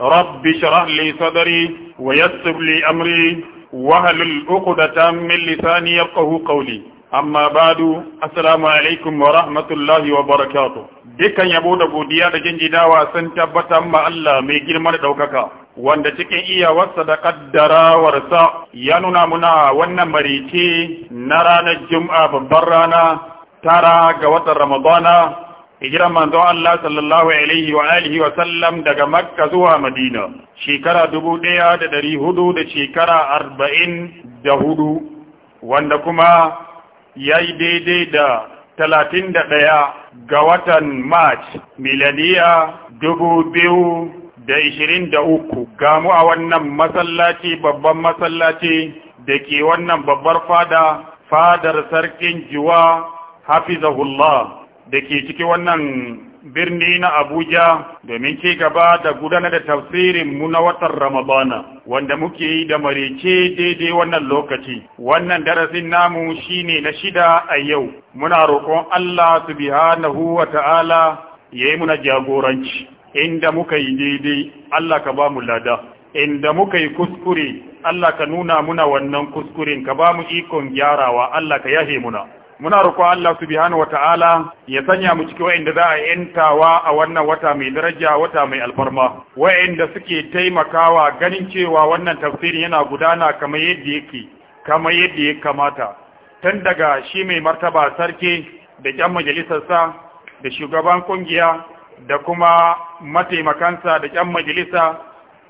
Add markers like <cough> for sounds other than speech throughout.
Rabbi اشرح Sadari wa ويسر لي أمري وهل عقدة من لساني يفقه قولي amma badu assalamu alaikum wa rahmatullahi wa barakatuh dukan yabo da godiya da jinjinawa sun tabbatar ma Allah mai girma da daukaka wanda cikin iyawarsa da kaddarawarsa ya nuna muna wannan marice na ranar juma'a babbar rana tara ga watan ramadana hijiran manzon Allah sallallahu alaihi wa alihi wa sallam daga Makka zuwa Madina shekara hudu da shekara hudu, wanda kuma yayi daidai da talatin da ɗaya ga watan March miladiya uku, gamu a wannan masallaci babban masallaci da ke wannan babbar fada fadar sarkin juwa hafizahullah da ke ciki wannan birni na Abuja domin ci gaba da gudanar da tafsirin mu na watan Ramadana wanda muke yi da marece daidai wannan lokaci. Wannan darasin namu shine na shida a yau. Muna roƙon Allah subhanahu wa ta'ala ya yi muna jagoranci. Inda muka yi daidai, Allah ka ba mu lada. Inda muka yi kuskure, Allah ka nuna muna wannan kuskuren, ka ba mu ikon gyarawa, Allah ka yahe muna. muna roƙon Allah subhanahu wata'ala ya sanya mu ciki wa'inda za a yantawa a wannan wata mai daraja wata mai alfarma wa'inda suke taimakawa ganin cewa wannan tafsiri yana gudana kamar yadda yake kamar yadda ya kamata tun daga shi mai martaba sarki da ƴan majalisarsa da shugaban kungiya da kuma mataimakansa da ƴan majalisa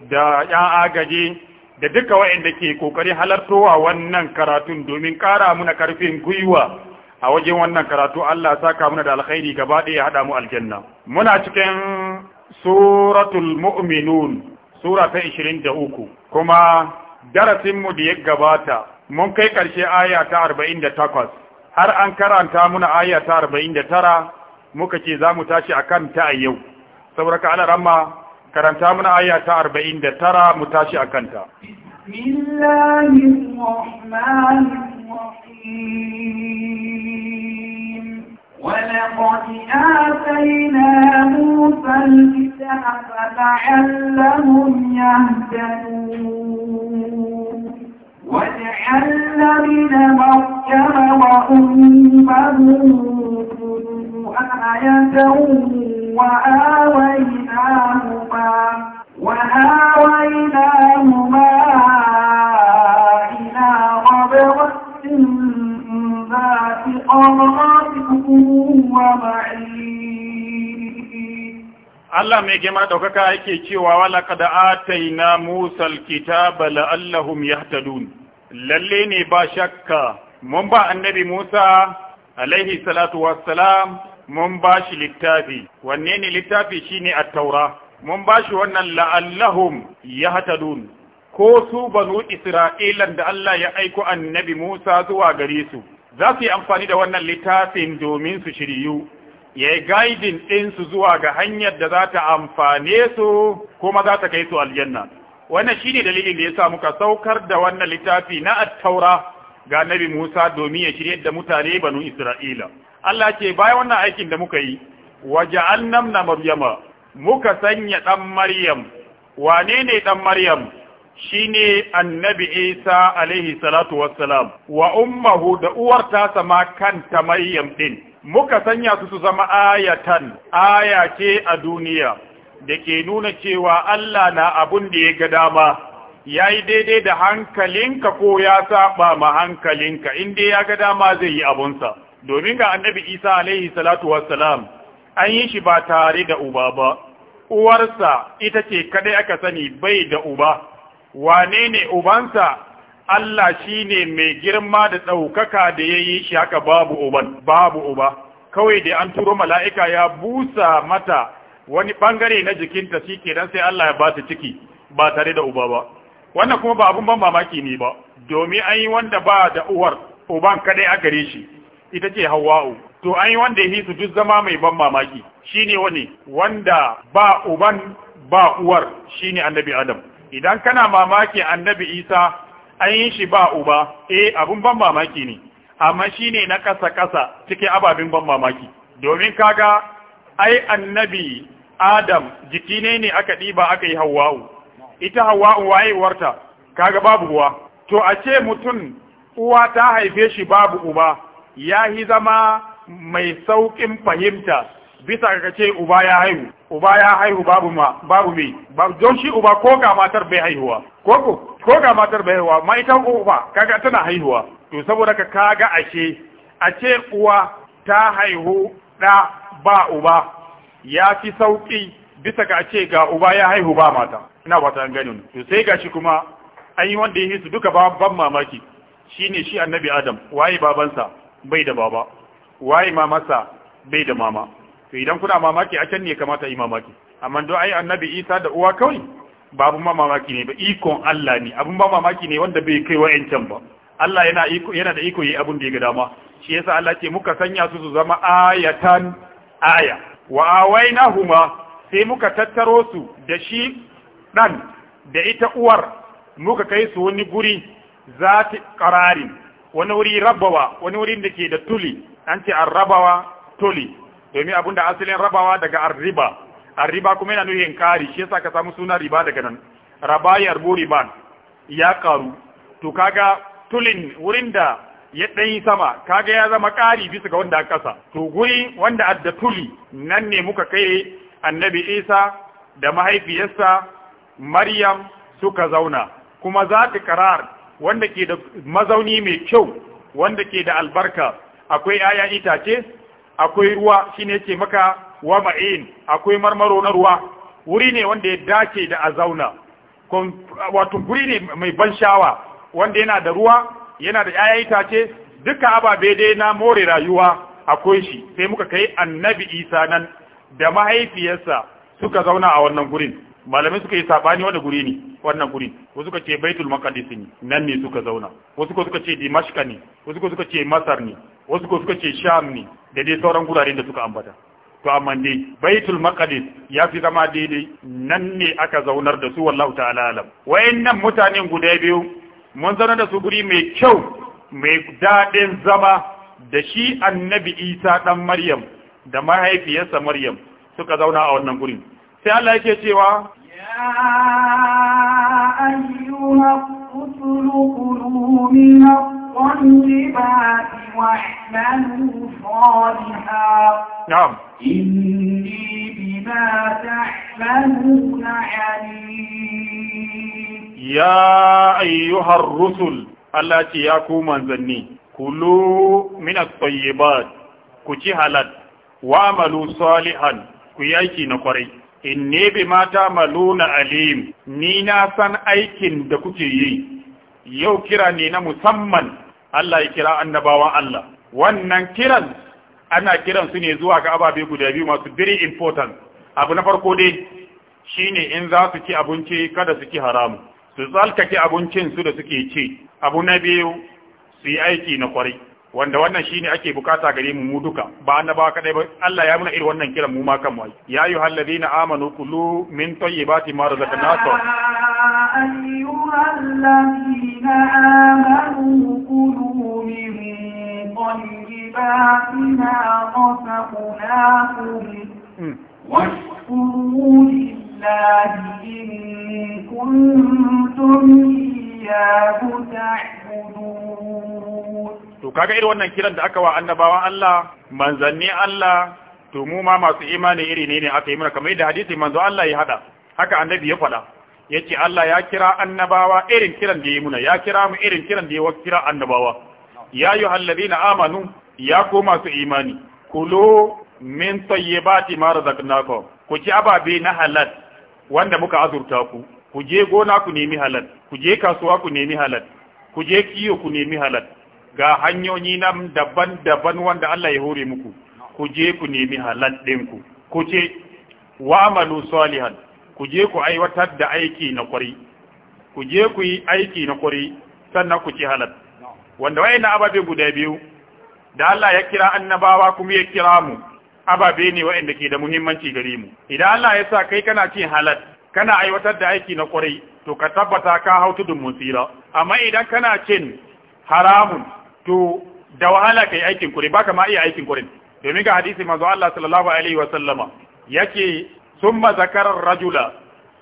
da ƴan agaji da duka wa'inda ke kokari halartowa wannan karatun domin kara muna karfin gwiwa a wajen wannan karatu Allah saka muna da alkhairi gaba ɗaya ya haɗa mu aljanna muna cikin suratul mu'minun sura ta 23 kuma darasin mu da ya gabata mun kai ƙarshe aya ta 48 har an karanta muna aya ta 49 muka ce za mu tashi akan ta a yau sauraka ka ramma karanta muna aya ta 49 mu tashi a kanta. بسم الله الرحمن الرحيم ولقد آتينا موسى الكتاب لعلهم يهتدون وجعلنا من وأمه آية وآويناهما وآويناهما Allah mai girma ɗaukaka yake cewa wala da ataina Musa alkitaba la'allahum yahtadun lalle ne ba shakka mun ba annabi Musa alaihi salatu wassalam mun ba shi littafi wanne ne littafi shine at-taura mun ba shi wannan la'allahum yahtadun ko su banu Isra'ilan da Allah ya aiko annabi Musa zuwa gare su za su yi amfani da wannan littafin domin su shiryu ya yi gaidin ɗinsu zuwa ga hanyar da za ta amfane su kuma za ta kai su aljanna wannan shi ne dalilin da ya sa muka saukar da wannan littafi na attaura ga nabi musa domin ya shirya da mutane banu isra'ila allah ce bayan wannan aikin da muka yi waje annam na maryama muka sanya ɗan maryam wane ne ɗan maryam ne annabi isa alaihi salatu wassalam wa ummahu da uwar tasa ma kanta maryam ɗin muka sanya su su zama ayatan aya a duniya da ke nuna cewa Allah na abun da ya ga dama ya yi daidai da hankalinka ko ya saba ma hankalinka inda ya ga dama zai yi abunsa domin ga annabi isa alaihi salatu wassalam an yi shi ba tare da uba ba uwarsa ita ce kadai aka sani bai da uba wane ne ubansa Allah shine mai girma da ɗaukaka da ya yi shi haka babu uban babu uba kawai da an turo mala'ika ya busa mata wani bangare na jikinta shi ke don sai Allah ya bata ciki ba tare da uba ba wannan kuma ba abin ban mamaki ne ba domin an yi wanda ba da uwar uban kadai a gare shi ita ce hawa'u to an yi wanda ya su duk zama mai ban mamaki shi ne wani wanda ba uban ba uwar shi ne annabi adam idan kana mamaki annabi isa an yi shi ba uba eh abun ban mamaki ne amma shine na kasa kasa cikin ababin ban mamaki domin kaga ai annabi adam jiki ne ne aka diba aka yi u? ita waye warta kaga babu uwa to a ce mutum uwa ta haife shi babu uba ya yi zama mai sauƙin fahimta bisa ga ce uba ya haihu uba ya haihu babu ma babu me Ba don shi uba ko ga matar bai haihuwa ko ko ko ga matar bai haihuwa ma ita uba kaga tana haihuwa to saboda ka kaga ashe a ce uwa ta haihu da ba uba ya fi sauki bisa ga ce ga uba ya haihu ba mata ina ba ta ganin to sai gashi kuma an yi wanda ya su duka ban mamaki shine shi annabi adam waye babansa bai da baba waye mamarsa bai da mama to idan kuna mamaki a can ne kamata yi mamaki amma don ai annabi isa da uwa kawai ba ma mamaki ne ba ikon Allah ne abun ba mamaki ne wanda bai kai wa'ancan ba Allah yana iko yana da iko yi abun da ya ga dama shi yasa Allah ce muka sanya su su zama ayatan aya wa awainahuma sai muka tattaro su da shi dan da ita uwar muka kai su wani guri zati qararin wani wuri rabawa wani wurin da ke da tuli an ce arrabawa tuli domin da asalin rabawa daga arriba arriba kuma yana nuhin kari shi yasa ka samu suna riba daga nan raba ya ya karu to kaga tulin wurin da ya ɗanyi sama kaga ya zama kari bisa ga wanda kasa to guri wanda adda tuli nan ne muka kai annabi isa da mahaifiyarsa maryam suka zauna kuma za ta karar wanda ke da mazauni mai kyau wanda ke da albarka akwai 'ya'yan itace akwai ruwa shine ke maka wa ma'in akwai marmaro na ruwa wuri ne wanda ya dace da azauna wato guri ne mai ban shawa wanda yana da ruwa yana da 'ya'ya itace duka ababe dai na more rayuwa akwai shi sai muka kai annabi isa nan da mahaifiyarsa suka zauna a wannan gurin malamai suka yi sabani wanda guri ne wannan guri wasu suka ce baitul maqdis ne nan ne suka zauna wasu ko suka ce dimashq ne wasu ko suka ce masar ne wasu ko suka ce sham ne da dai sauran guraren da suka ambata to amma dai baitul maqdis ya fi zama daidai nan ne aka zaunar da su wallahu ta'ala alam wayannan mutanen guda biyu mun zauna da su guri mai kyau mai dadin zama da shi annabi Isa dan Maryam da mahaifiyarsa Maryam suka zauna a wannan gurin sai Allah yake cewa أيها الرسل كلوا من الطيبات واعملوا صالحا نعم إني بما تحملون عليم يا أيها الرسل التي يكون منزلني كلوا من الطيبات كتي halal wa amalu salihan ku inni bi mata maluna alim ni na san aikin da kuke yi yau kira ne na musamman Allah ya kira annabawan Allah wannan kiran ana kiran su ne zuwa ga ababe guda biyu masu very important abu na farko dai shine in za su ci abinci kada su ci haramu su tsalkake abincin su da suke ci abu na biyu su yi aiki na kwarai wanda wannan shine ake bukata gare mu mu duka ba annaba kadai ba Allah ya muna irin wannan kiran mu ma kan mu ya ayyuhal ladina amanu kulu min tayyibati ma razaqnakum ayyuhal ladina amanu kulu min tayyibati ma razaqnakum hmm. washkuru lillahi in kuntum iyyahu ta'budun to kaga irin wannan kiran da aka wa annabawa Allah manzanni Allah to mu ma masu imani iri ne ne aka yi mana kamar yadda hadisi manzo Allah ya hada haka annabi ya faɗa yace Allah ya kira annabawa irin kiran da yayi muna ya kira mu irin kiran da yayi kira annabawa ya ayyuhalladhina amanu ya ku masu imani kulu min tayyibati ma razaqnakum ku ci ababe na halal wanda muka azurta ku ku je gona ku nemi halal ku je kasuwa ku nemi halal ku je kiyo ku nemi halal ga hanyoyi nan daban-daban wanda Allah ya hore muku ku je ku nemi halal ɗinku ku ce wa amalu salihan ku je ku aiwatar da aiki na kwari ku je ku yi aiki na kwari sannan ku ci halal wanda wayna ababe guda biyu da Allah ya kira annabawa kuma ya kira mu ababe ne wayanda ke da muhimmanci gare mu idan Allah ya sa kai kana cin halal kana aiwatar da aiki na kwarai to ka tabbata ka hau tudun musira amma idan kana cin haramun to da wahala kai aikin kure baka ma iya aikin kure domin ga hadisi manzo Allah sallallahu alaihi wa sallama yake summa zakara rajula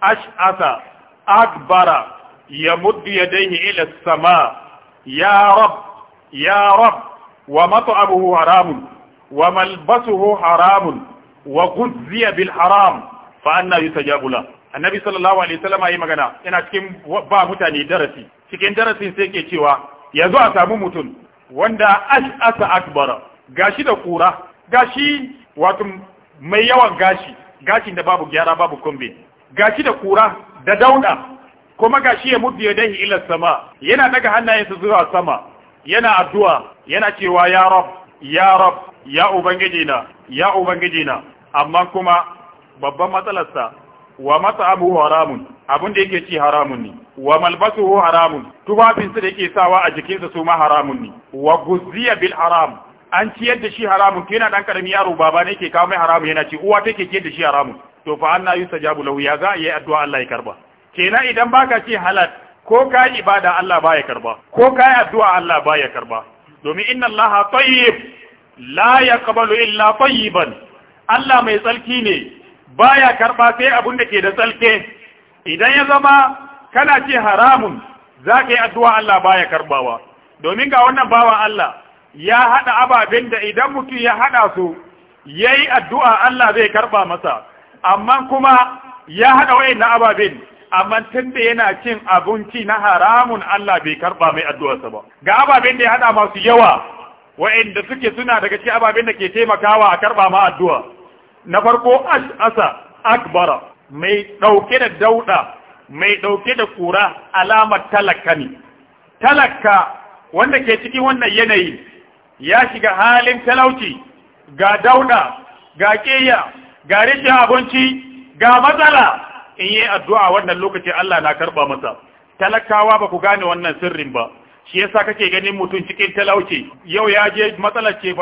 ash'asa akbara yamuddu yadayhi ila sama ya rab ya rab wa mat'amuhu haramun wa malbasuhu haramun wa ghuzziya bil haram fa anna annabi sallallahu alaihi wasallam yayi magana yana cikin ba mutane darasi cikin darasin sai ke cewa yanzu a samu mutum wanda ash'asa akbara gashi da kura gashi wato mai yawan gashi gashin da babu gyara babu kumbi gashi da kura da dauda kuma gashi ya mutu ya dahi ila sama yana daga hannayensa zuwa sama yana addu'a yana cewa ya rab ya rab ya ubangiji na ya ubangiji amma kuma babban matsalarsa wa abu haramun abin da yake ci haramun ne wa malbasu haramun tufafinsa da yake sawa a jikinsa su ma haramun ne wa guziya bil haram an ci yadda shi haramun kina dan karami yaro baba ne ke kawo mai haramun yana ci uwa take ciyar da shi haramun to fa anna yusajabu lahu ya za yi addu'a Allah ya karba kenan idan baka ci halal ko ka yi ibada Allah baya karba ko ka yi addu'a Allah baya karba domin inna Allah tayyib la yaqbalu illa tayyiban Allah mai tsarki ne Ba ya karɓa sai abun da ke da tsalke idan ya zama kana ce haramun za ka yi addu'a Allah baya karɓawa. domin ga wannan bawa Allah ya haɗa ababen da idan mutum ya haɗa su ya yi addu'a Allah zai karɓa masa amma kuma ya haɗa wa'in na ababen amma tun da yana cin abinci na haramun Allah bai karɓa mai addu'arsa ba ga ababen da ya haɗa masu yawa wa'inda suke suna daga ci ababen da ke taimakawa a karɓa ma addu'a na farko ash'asa akbara mai ɗauke da dauda mai ɗauke da kura alamar talaka ne talaka wanda ke cikin wannan yanayi ya shiga halin talauci ga dauda ga keya ga rishin abinci ga matsala in yi addu'a wannan lokacin, Allah na karɓa masa talakawa ba ku gane wannan sirrin ba shi yasa kake ganin mutum cikin talauci yau ya je matsalar ce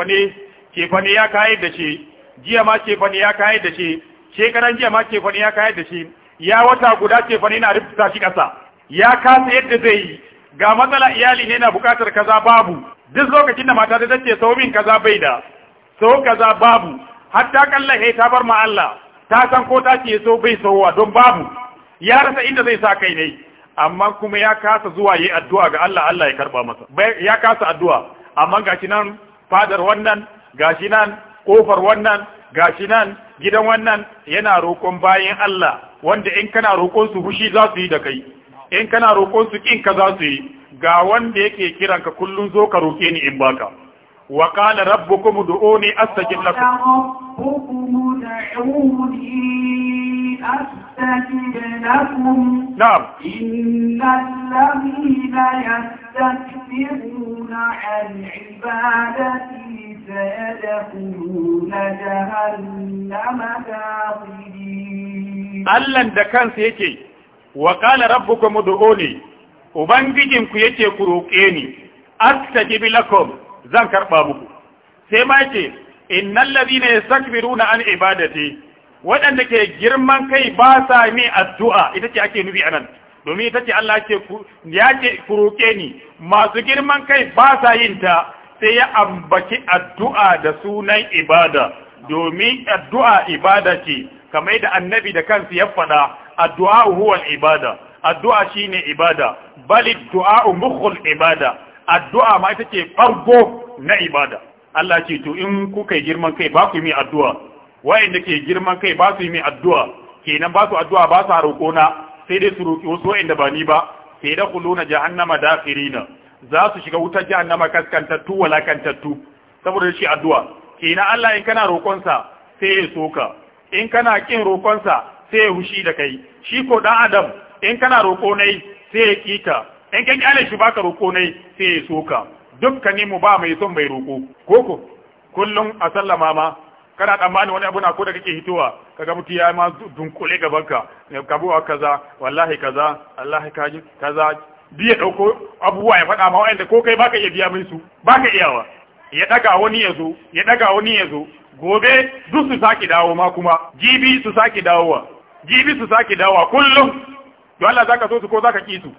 fa ne ya kayan da shi jiya ma ce fani ya kayar da shi shekaran jiya ma ce fani ya kayar da shi ya wata guda ce fani na rubuta shi ƙasa ya kasa yadda zai yi ga matsala iyali ne na bukatar kaza babu duk lokacin da mata ta tace sau kaza bai da sau kaza babu hatta kalla ta bar ma Allah ta san ko ta ce so bai sauwa don babu ya rasa inda zai sa kai ne amma kuma ya kasa zuwa yi addu'a ga Allah Allah ya karba masa ya kasa addu'a amma gashi nan fadar wannan gashi nan kofar wannan gashi nan gidan wannan yana roƙon bayan Allah wanda in kana roƙon su fushi za su yi da kai in kana roƙon su kin ka za su yi ga wanda yake kiran ka kullun zo ka roƙe ni in baka wa qala rabbukum du'uni astajib lakum نعم إن الذين يستكبرون عن allah Allahn da kansa yake wa qala rabbukum ud'uni ubangijinku yake ku roƙe ni astajib lakum zan karba muku sai ma yake innal ladina yastakbiruna an ibadati waɗanda ke girman kai ba sa mi addu'a ita ce ake nufi anan domin ita ce Allah ya ce ku roƙe ni masu girman kai ba sa yin ta sai ya ambaci addu'a da sunan ibada domin addu'a ibada ce kamar da annabi da kansu ya faɗa addu'a huwan ibada addu'a shine ibada bali du'a mukhul ibada addu'a ma ita ce farko na ibada Allah ce to in kuka yi girman kai ba ku yi addu'a wayanda ke girman kai ba su yi addu'a kenan ba su addu'a ba su roƙona sai dai su roƙi wasu wa'inda ba ni ba sai da na jahannama na za su shiga wutar jahannama kaskantattu walakantattu saboda shi addu'a Kina Allah in kana roƙon sa sai ya soka in kana kin roƙon sa sai ya hushi da kai shi ko dan adam in kana roƙo nai sai ya kika in kan kyale shi baka roƙo nai sai ya soka dukkanin mu ba mai son mai roƙo koko kullum a sallama ma kana tsammani wani abu na ko da kake hitowa kaga mutu ya ma dunkule gaban ka kabuwa kaza wallahi kaza wallahi kaji kaza biya ɗauko abubuwa ya faɗa ma wa'anda ko kai baka iya biya mai su baka iyawa ya ɗaga wani ya zo ya ɗaga wani ya zo gobe duk su sake dawo ma kuma jibi su sake dawowa jibi su sake dawowa kullum to Allah zaka so su ko zaka ki su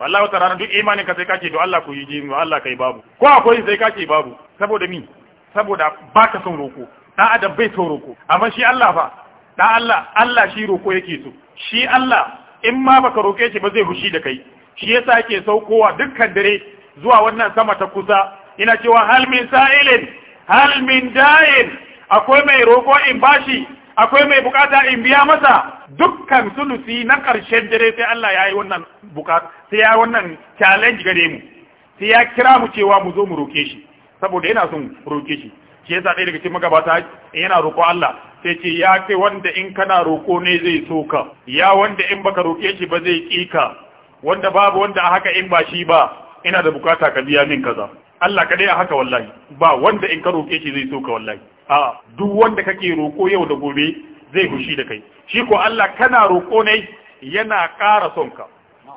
wallahi ta duk imanin ka sai kace to Allah ku yi jibi Allah kai babu ko akwai sai kace babu saboda mi saboda baka son roko da adam bai son roko amma shi Allah fa da Allah Allah shi roko yake so shi Allah in ma baka roke shi ba zai hushi da kai shi yasa ake saukowa dukkan dare zuwa wannan sama ta kusa ina cewa hal min sa'ilin hal min da'in akwai mai roƙo in bashi akwai mai bukata in biya masa dukkan sulusi na ƙarshen dare sai Allah ya yi wannan bukata sai ya wannan challenge gare mu sai ya kira mu cewa mu zo mu roke shi saboda yana son roke shi shi yasa ɗaya daga cikin magabata yana roƙo Allah sai ce ya kai wanda in kana roƙo ne zai so ka ya wanda in baka roke shi ba zai ƙi ka wanda babu wanda a haka in ba shi ba ina da bukata ka biya min kaza Allah kaɗai a haka wallahi ba wanda in ka roke shi zai so ka wallahi a duk wanda kake roko yau da gobe zai hushi da kai shi ko Allah kana roko ne yana ƙara son ka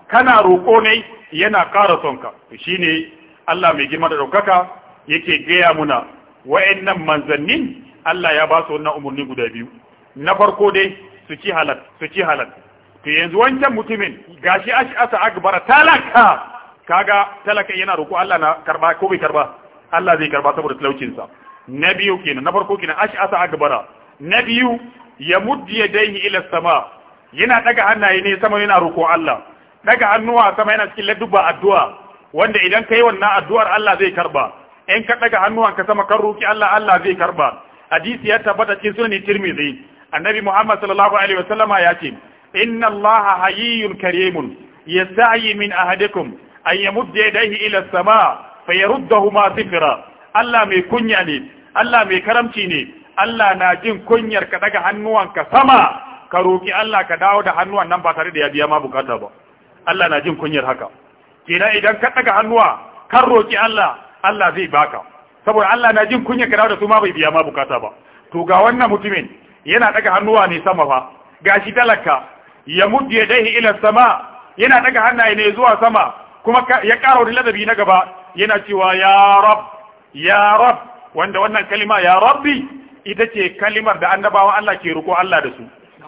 kana roko ne yana ƙara son ka shine Allah mai girma da daukaka yake gaya muna wa'annan manzannin Allah ya ba su wannan umarni guda biyu na farko dai su ci halal su ci halal to yanzu wancan mutumin gashi ashi asa akbara talaka kaga talaka yana roƙo Allah na karba ko bai karba Allah zai karba saboda talaucin na biyu kenan na farko kenan ashi asa akbara na biyu ya muddi yadayhi ila sama yana daga hannaye ne sama yana roƙo Allah daga hannuwa sama yana cikin ladduba addu'a wanda idan kai wannan addu'ar Allah zai karba in ka daga hannuwanka sama kan roƙi Allah Allah zai karba hadisi ya tabbata cikin sunan Tirmidhi annabi Muhammad sallallahu alaihi wasallama ya ce inna Allah hayyun karimun yasta'i min ahadikum an ya yadayhi ila as-sama fayaruddahuma sifra Allah mai kunya ne Allah mai karamci ne Allah na jin kunyar ka daga hannuwanka sama ka roki Allah ka dawo da hannuwan nan ba tare da ya biya ma bukata ba Allah na jin kunyar haka kenan idan ka daga hannuwa kan roƙi Allah Allah zai baka saboda Allah na jin kunyar ka dawo da su ma bai biya ma bukata ba to ga wannan mutumin yana ɗaga hannuwa ne sama fa shi talaka ya ya dahi ila sama yana daga hannaye ne zuwa sama kuma ya ƙara wani ladabi na gaba yana cewa ya rab ya rab wanda wannan kalima ya rabbi ita ce kalimar da annabawa Allah ke roƙo Allah da su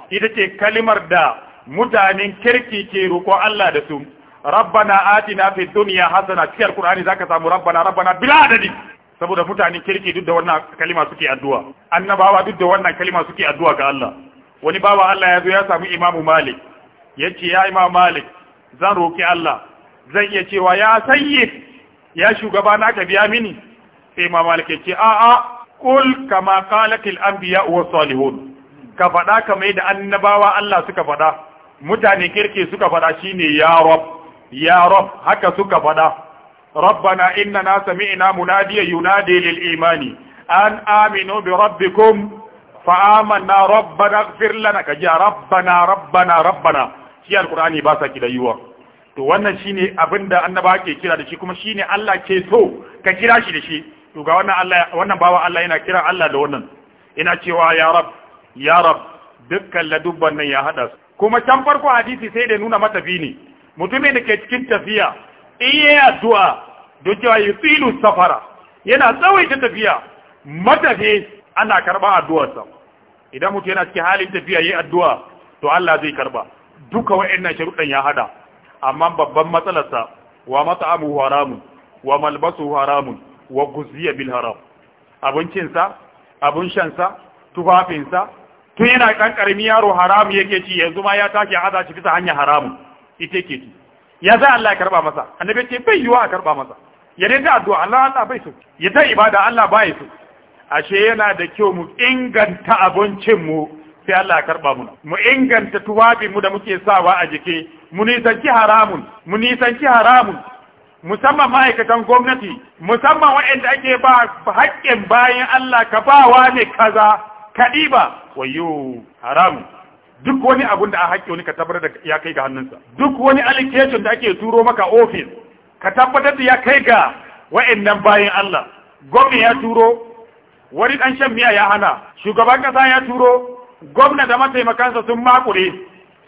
ita ce kalimar da mutanen kirki ke roƙo Allah da su rabbana atina fid dunya hasana cikin alqur'ani zaka samu rabbana rabbana bila adadi saboda mutanen kirki duk da wannan kalima suke addu'a annabawa duk da wannan kalima suke addu'a ga Allah wani bawa Allah ya zo ya samu imamu malik ya ce ya malik zan roki Allah zan iya cewa ya sayyid ya shugaba na ka biya mini sai malik ya ce a'a kul kama an biya uwar salihun ka faɗa kamar yadda annabawa Allah suka faɗa mutane kirki suka faɗa shine ya rab ya rab haka suka faɗa rabbana innana sami'na munadiya yunadi lil imani an aminu bi rabbikum fa'amanna rabbana ighfir lana kaji rabbana rabbana rabbana shi alqur'ani ba sa kidayuwa to wannan shine abinda annaba ke kira da shi kuma shine Allah ke so ka kira shi da shi to ga wannan bawa Allah yana kira Allah da wannan ina cewa ya rab ya dukkan ladubban ya hada kuma can farko hadisi sai da nuna matafi ne mutumin da ke cikin tafiya in yayi addu'a don cewa yusilu yana tsawaita tafiya matafi ana karba addu'arsa idan mutum yana cikin halin tafiya yayi addu'a to Allah zai karba duka wa'annan sharuɗan ya hada amma babban matsalarsa wa mat'amu haramun wa malbasu haramun wa guziya bil haram sa abun shansa tufafinsa tun yana kan karmi yaro haram yake ci yanzu ma ya tashi haza ci bisa hanya haram ita yake ci ya za Allah ya karba masa annabi ce bai yiwa a karba masa ya dai da addu'a Allah Allah bai so ya ta ibada Allah bai so ashe yana da kyau mu inganta abincinmu sai Allah ya karba mu mu inganta tuwafinmu da muke sawa a jiki mu nisanci haramun mu nisanci haramun musamman ma'aikatan gwamnati musamman waɗanda ake ba haƙƙin bayan Allah ka wa ne kaza kaɗiba wayo haramun duk wani abun da a haƙƙi wani ka tabbatar da ya kai ga hannunsa duk wani allocation da ake turo maka ofis ka tabbatar da ya kai ga waɗannan bayan Allah gwamnati ya turo wani ɗan shan miya ya hana shugaban ƙasa ya turo gwamna da mataimakansa sun makure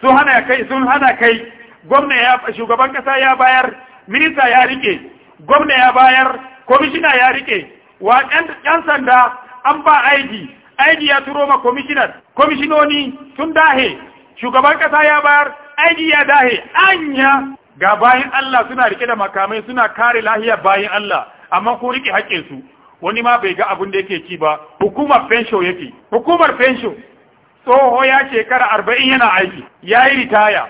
sun hana kai sun hana kai gwamna ya shugaban ƙasa ya bayar minista ya rike gwamna ya bayar komishina ya rike wa yan sanda an ba ID ID ya turo ma komishinar komishinoni sun dahe shugaban ƙasa ya bayar ID ya dahe anya ga bayan Allah suna rike da makamai suna kare lahiyar bayan Allah amma ku rike haƙƙinsu wani ma bai ga abin da yake ci ba hukumar fensho yake hukumar fensho tsoho ya shekara arba'in yana aiki ya yi ritaya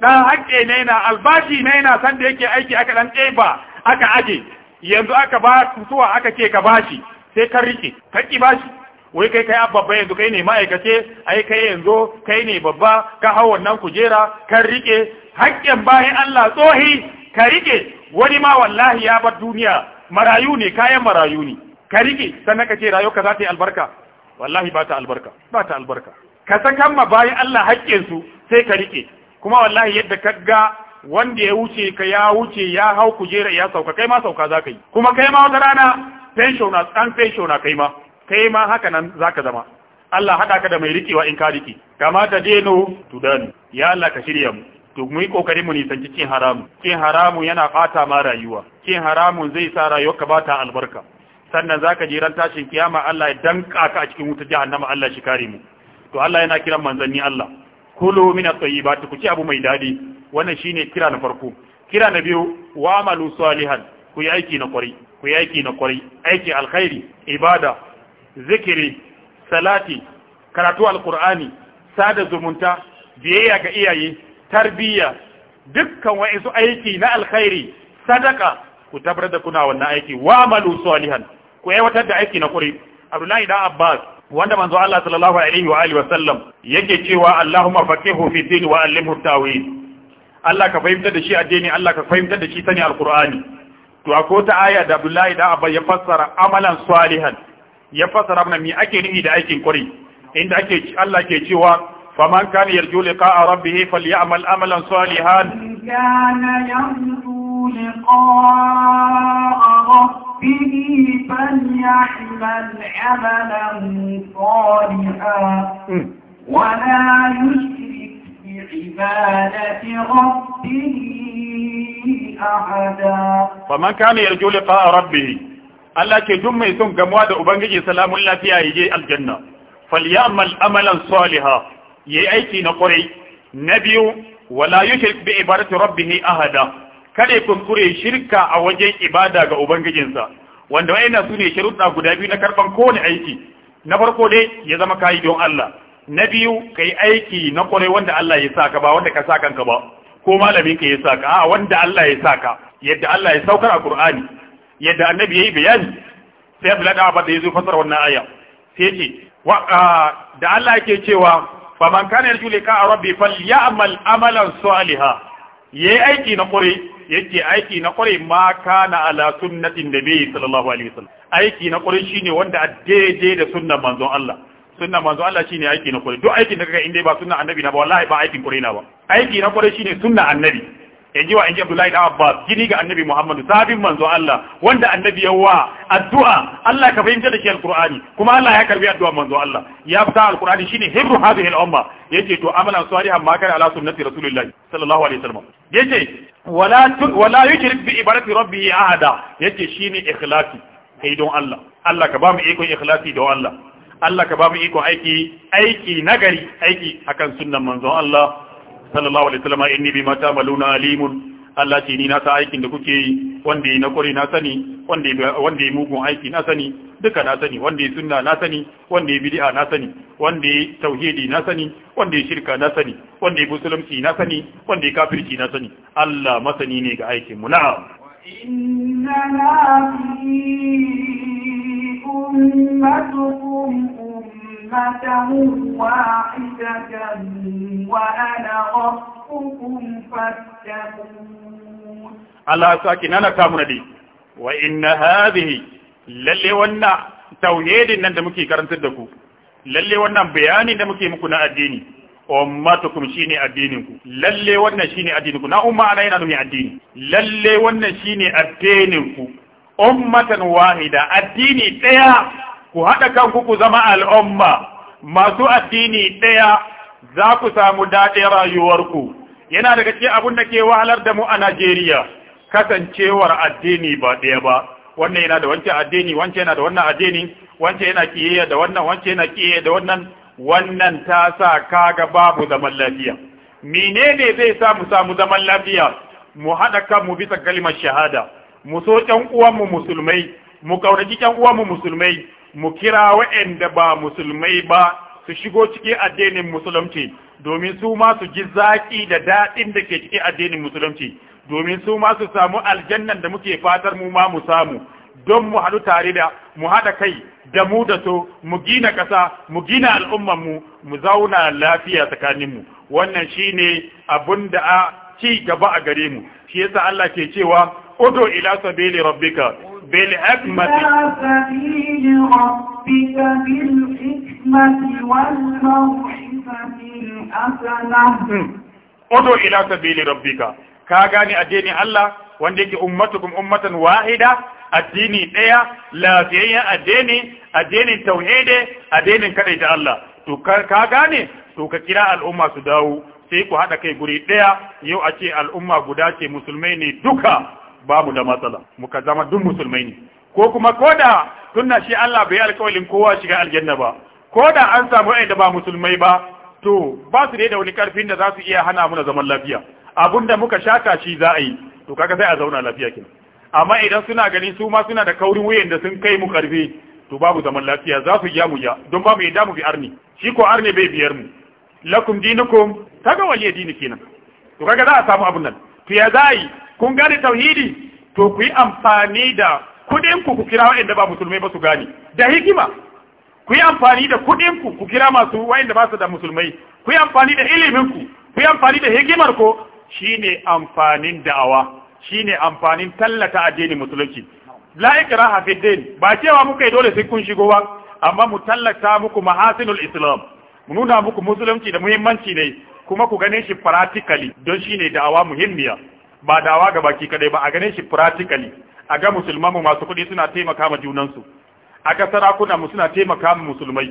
ɗan haƙƙe na yana albashi na yana san da yake aiki aka ɗan ɗeba aka aje yanzu aka ba kusuwa aka ce ka bashi sai ka riƙe ka ƙi bashi wai kai kai babba yanzu kai ne ma'aikace ai kai yanzu kai ne babba ka hau wannan kujera ka riƙe haƙƙin bayan Allah tsohi ka riƙe wani ma wallahi ya bar duniya marayu ne kayan marayu ne ka rike sannan ka ce rayuwarka za ta yi albarka wallahi ba ta albarka ba ta albarka ka sakan ma bayan Allah haƙƙin su sai ka rike kuma wallahi yadda ka ga wanda ya wuce ka ya wuce ya hau kujera ya sauka kai ma sauka za ka yi kuma kai ma wata rana pension na tsan pension na kai ma kai ma haka nan za ka zama Allah haɗa ka da mai rikewa in ka rike Kamata ta deno tudanu ya Allah ka shirya mu to mu yi kokari mu nisanci cin haramu cin haramu yana fata ma rayuwa cin haramu zai sa rayuwarka ba ta albarka sannan zaka je ran tashin kiyama Allah ya danka ka a cikin wuta jahannama Allah shi kare mu to Allah yana kiran manzanni Allah kulu min at-tayyibati ku ci abu mai dadi wannan shine kira na farko kira na biyu wa amalu salihan ku yi aiki na kwari ku yi aiki na kwari aiki alkhairi ibada zikiri salati karatu alqur'ani sada zumunta biyayya ga iyaye tarbiyya dukkan wa'isu aiki na alkhairi sadaka ku tabbatar da kuna wannan aiki wa amalu salihan ku aiwatar da aiki na kuri abdullahi da abbas wanda manzo Allah sallallahu alaihi wa alihi wasallam yake cewa Allahumma faqihu fi din wa allimhu tawil Allah ka fahimtar da shi addini Allah ka fahimtar da shi sani alqur'ani to akwai ta aya da abdullahi da abbas ya fassara amalan salihan ya fassara mana me ake nufi da aikin kuri inda ake Allah ke cewa faman kana yarju liqa'a rabbih falyamal amalan salihan kana yarju لقاء ربه فليعمل عملا صالحا ولا يشرك بعبادة ربه أحدا فمن كان يرجو لقاء ربه Allah ke duk mai son gamuwa da Ubangiji salamun lafiya ya je aljanna. Falyamal amalan saliha yayi aiki na kwarai. Na biyu wala yushrik bi ibadati rabbih ahada. kare kuskure shirka a wajen ibada ga ubangijinsa wanda wayannan su ne sharuɗa guda biyu na karɓan kowane aiki na farko dai ya zama kayi don Allah na biyu ka yi aiki na kwarai wanda Allah ya saka ba wanda ka sa kanka ba ko malamin ka ya saka a wanda Allah ya saka yadda Allah ya saukar a Qur'ani yadda annabi ya yi bayani sai Abdullah da ya zo fasara wannan aya sai ce da Allah ke cewa faman kana yarju lika rabbi amal, amalan salihan yayi aiki na ya yake aiki na kware ma kana ala sunnatin nabi sallallahu alaihi wasallam aiki na kware shine wanda a daidai da sunnan manzon Allah sunnan manzon Allah shine aiki na kware duk aikin da kaga inda ba sunnan annabi na ba wallahi ba aikin kware na ba aiki na kware shine sunnan annabi in ji wa in ji Abdullahi da Abbas gini ga annabi Muhammadu sabin manzo Allah wanda annabi ya wa addu'a Allah ka fahimta da shi alqur'ani kuma Allah ya karbi addu'a manzo Allah ya fita alqur'ani shine hibru hadhihi al-umma ce to amalan salihan ma kare ala sunnati rasulillahi sallallahu alaihi wasallam yace wala wala yushrik bi ibadati rabbihi ahada yace shine ikhlasi kai don Allah Allah ka ba mu ikon ikhlasi don Allah Allah ka ba mu ikon aiki aiki nagari aiki akan sunnan manzon Allah sallallahu alaihi wasallam inni bima ta'maluna alimun Allah ce ni na sa aikin da kuke yi wanda yi na kore na sani wanda yi mugun aiki na sani duka na sani wanda yi sunna na sani wanda yi bid'a na sani wanda yi tauhidi na sani wanda yi shirka na sani wanda yi musulunci na sani wanda yi kafirci na sani Allah masani ne ga aikin mu na'am la fi ummatukum كلمة واحدة وأنا ربكم فاتقون الله ساكن أنا كامنا دي وإن هذه للي ونا توحيد نن da muke karantar da ku lalle wannan bayani da muke muku na addini ummatukum shine addinin ku lalle wannan shine addinin ku na umma ana yana nufin addini lalle wannan shine ummatan wahida addini ɗaya. ku haɗa kanku ku zama al'umma masu addini ɗaya za ku samu daɗin rayuwarku yana daga cikin abin da ke wahalar da mu a Najeriya kasancewar addini ba ɗaya ba wannan yana da wancan addini wancan yana da wannan addini wancan yana kiyaye da wannan wancan yana kiyaye da wannan wannan ta sa kaga babu zaman lafiya menene zai sa mu samu zaman lafiya mu haɗa kanmu bisa kalmar shahada mu so ƴan uwanmu musulmai mu kaunaci ƴan uwanmu musulmai mu kira waɗanda ba musulmai ba su shigo cikin addinin musulunci domin su ma su ji zaƙi da daɗin da ke cikin addinin musulunci domin su ma su samu aljannan da muke fatar mu ma mu samu don mu haɗu tare da mu haɗa kai da mu da so mu gina ƙasa mu gina al'ummar mu mu zauna lafiya tsakaninmu wannan shine abun da a ci gaba a gare mu shi yasa Allah ke cewa udu ila sabili rabbika بالحكمة سبيل ربك بالحكمة والمرحفة الحسنة ادعو الى سبيل ربك كاغاني اديني الله وانديك امتكم امة واحدة اديني ديا لازعية اديني اديني التوحيد اديني كريت الله كاغاني تكرا الامة سداو سيكو هذا كي قريت ديا يو اشي الامة قداشي مسلميني دكا babu da matsala muka zama duk musulmai ne ko kuma koda tunna shi Allah bai alƙawarin kowa shiga aljanna ba koda an samu da ba musulmai ba to ba su da wani karfin da za su iya hana muna zaman lafiya abinda muka shaka shi za a yi to kaga sai a zauna lafiya kenan amma idan suna ganin su ma suna da kaurin wuyan da sun kai mu karfi to babu zaman lafiya za su ya mu ya don ba mu yadda mu bi arni shi ko arni bai biyar mu lakum dinukum kaga waliya dini kenan to kaga za a samu abun nan to ya za a yi kun gane tauhidi to ku yi amfani da kuɗin ku ku kira waɗanda ba musulmai ba su gane da hikima ku yi amfani da kuɗin ku kira masu waanda ba su da musulmai ku yi amfani da ilimin ku ku yi amfani da hikimar ko shine amfanin da'awa shine amfanin tallata addinin musulunci la ikraha fi din ba cewa muka yi dole sai kun shigo ba amma mu tallata muku mahasinul islam mu nuna muku musulunci da muhimmanci ne kuma ku gane shi practically don shine da'awa muhimmiya ba dawa ga baki kadai ba a gane shi practically a ga musulman mu masu kuɗi suna taimaka ma junansu a ga sarakuna mu suna taimaka ma musulmai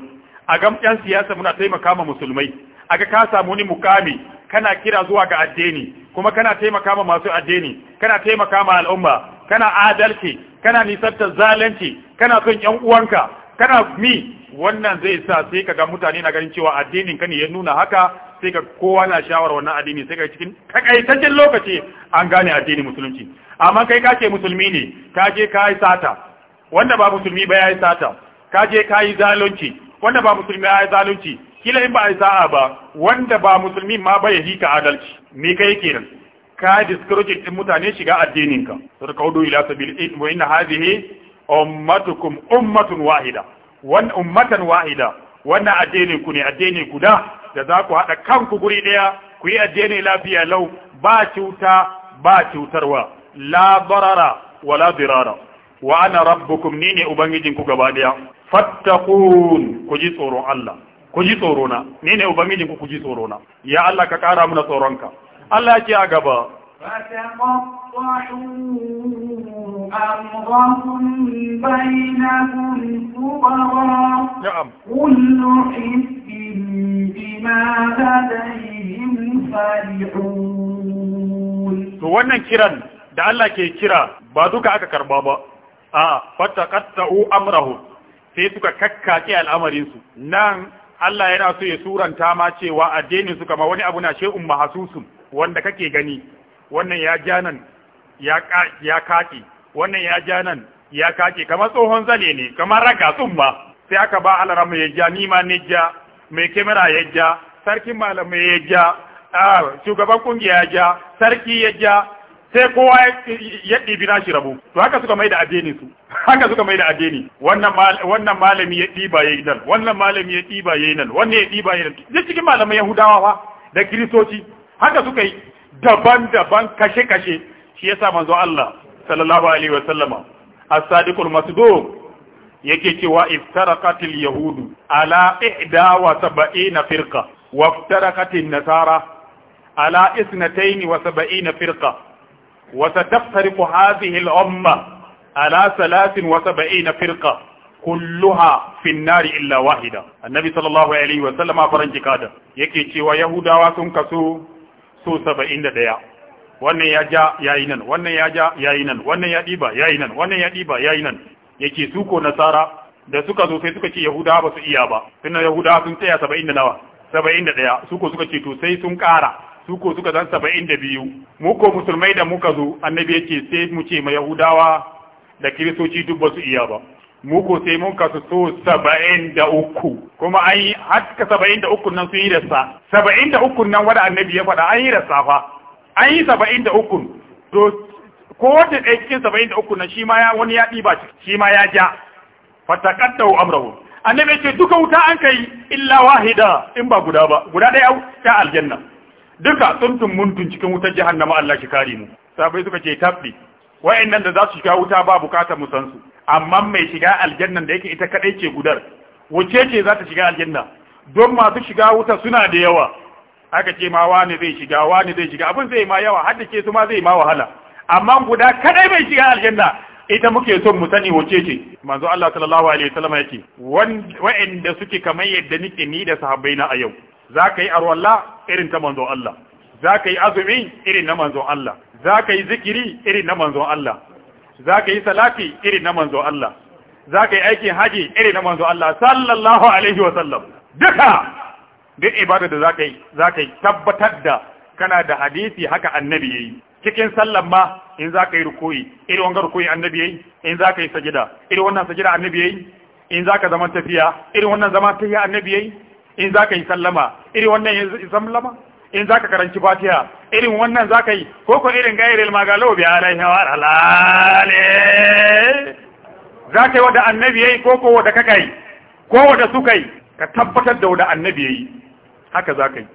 a ga yan siyasa muna taimaka ma musulmai a ga ka samu ni mukami kana kira zuwa ga addini kuma kana taimaka ma masu addini kana taimaka ma al'umma kana adalci kana nisantar zalunci kana son yan uwanka kana mi wannan zai sa sai ka ga mutane na ganin cewa addinin ka ne ya nuna haka sai ka kowa na shawar wannan addini sai ka cikin takaitaccen lokaci an gane addini musulunci amma kai ka ce musulmi ne ka je ka yi sata wanda ba musulmi ba ya yi sata ka je ka yi zalunci wanda ba musulmi ya yi zalunci kila in ba a yi sa'a ba wanda ba musulmi ma ba ya yi ka adalci me kai kenan ka discourage din mutane shiga addinin ka sarkaudu ila sabil wa inna hadhihi ummatukum ummatun wahida wan ummatan wahida wannan addini ku ne addini guda da za ku haɗa kanku guri ɗaya ku yi addini lafiya lau ba cuta ba cutarwa la barara wala dirara wa ana rabbukum ni ne ku gaba daya fattaqun ku ji tsoron Allah ku ji tsoro na ni ne ubangijin ku ji tsoro na ya Allah ka kara mana tsoronka Allah ya ce a gaba فتقطعوا أمرهم to wannan kiran da Allah ke kira ba duka aka karba ba a fataqattu amrahu sai suka kakkake al'amarin su nan Allah yana so ya suranta ma cewa addinin su ma wani abu na shay'un mahsusun wanda kake gani wannan ya ja nan ya kaki wannan ya ja nan ya kaki kamar tsohon zane ne kamar raga tsumma sai aka ba alarama ya ja nima ne ja mai kamera ya ja sarkin malamai ya ja shugaban kungiya ya ja sarki ya ja sai kowa ya ɗibi nashi rabo to haka suka mai da addini su <laughs> haka suka mai da addini wannan malami ya ɗiba ya yi nan wannan malami ya ɗiba ya yi nan wannan ya ɗiba ya yi nan duk cikin malamai yahudawa fa da kiristoci haka suka yi daban-daban kashe-kashe shi ya sa manzo Allah sallallahu alaihi wa sallama as-sadiqul masduq yake cewa iftaraqatil yahudu ala na firka wa iftaraqatin nasara ala 72 firqa wa sataftariqu hadhihi al-umma ala 73 firqa na firka kulluha finnari illa wahida annabi sallallahu alaihi wa sallama faranjika da yake cewa yahudawa sun kaso su saba'in da ɗaya wannan ya ja ya yi nan wannan ya ja ya yi nan wannan ya ɗiba ya yi nan wannan ya ɗiba ya yi nan yake su ko nasara da suka zo sai suka ce yahuda ba su iya ba tunan yahuda sun tsaya saba'in da nawa saba'in da ɗaya su ko suka ce to sai sun ƙara su ko suka zan saba'in da biyu mu ko musulmai da muka zo annabi ya ce sai mu ce ma yahudawa da kiristoci duk ba su iya ba muku sai mun kasu su saba'in da uku kuma an yi haka saba'in da uku nan sun yi rasa saba'in da uku nan wanda annabi ya faɗa an yi rasa fa an yi saba'in da uku to ko wata ɗaya cikin saba'in da uku nan shi ma ya wani ya ɗiba shi ma ya ja fatakaddau amrahu annabi ya ce duka wuta an kai illa wahida in ba guda ba guda ɗaya ta aljanna duka tsuntun muntun cikin wutar jahannama Allah shi kare mu sabai suka ce tabbi wa'annan da za su shiga wuta ba bukatar mu san su amma mai shiga aljannan da yake ita kadai ce gudar wace ce za ta shiga aljanna don masu shiga wuta suna da yawa aka ce ma wani zai shiga wani zai shiga abin zai ma yawa har da ke su ma zai ma wahala amma guda kadai mai shiga aljanna ita muke son mu sani wace ce manzo Allah sallallahu alaihi wasallam yake wanda suke kamar yadda nike ni da sahabbaina a yau zaka yi arwalla irin ta manzo Allah zaka yi azumi irin na manzo Allah zaka yi zikiri irin na manzo Allah Za ka yi salati irin na manzo Allah Za ka yi aikin haji irin na manzo Allah sallallahu alaihi wa sallam duka duk ibada da za yi yi tabbatar da kana da hadisi haka annabi ya yi. cikin sallan ma in ka yi rukuyi irin wanga rukuyi annabi yi, in ka yi sajida irin wannan sajida annabi yi, in ka zama tafiya irin wannan zama tafiya annabi yi, in ka yi sallama irin wannan sallama in zaka karanci fatiha irin wannan zaka yi ko ko irin gairil magalo bi alaihi wa alale zaka yi annabi yayi ko ko wanda kaka yi ko wada suka yi ka tabbatar da wada annabi yayi haka zaka yi